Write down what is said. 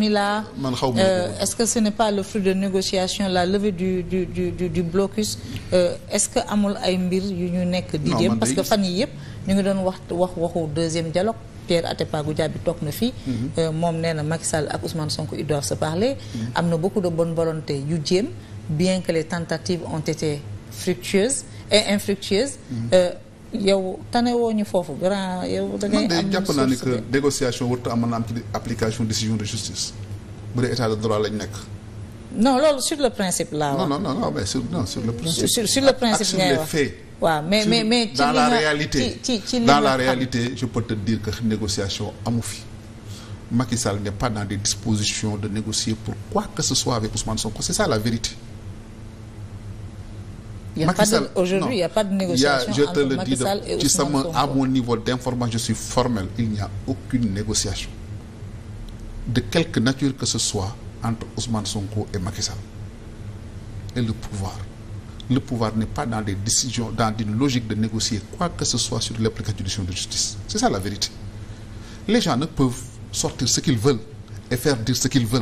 Jamila man ma euh, est-ce que ce n'est pas le fruit de négociation la levée du du du euh, est-ce que amul ay mbir yu ñu nekk di jéem parce que fan yii yëpp ñu ngi doon wax wax waxu deuxième dialogue Pierre Atepa Goudiaby toog na fii mhm. euh, moom nee na Macky Sall ak ousman Sonko ils doivent se parler mhm. am na beaucoup de bonne volonté yu jéem bien que les tentatives ont été fructueuses et infructueuses mhm. euh, yow tanewoo ñu foofu grand yow. da ngay jàpp naa ni que négociation warut a am ci application décision de justice bu dee état de droit lañ nekk. non loolu sur le principe laa wax. non non non mais sur non sur le principe. sur sur le principe ngay mais mais mais ci li nga réalité ci ci li la réalité je peux te dire que négociation fi. Macky Sall n'est pas dans des dispositions de négocier pour quoi que ce soit avec Ousmane Sonko c'est ça la vérité. Macky aujourd'hui il a pas de négociation je te le dis ci sama à mon niveau d'information je formel il n'y a aucune négociation de quelque nature que ce soit entre Ousmane Sonko et Macky et le pouvoir le pouvoir n'est pas dans des décisions dans une logique de négocier quoi que ce soit sur l'application de justice c'est ça la vérité les gens ne peuvent sortir ce qu'ils veulent et faire dire ce qu'ils veulent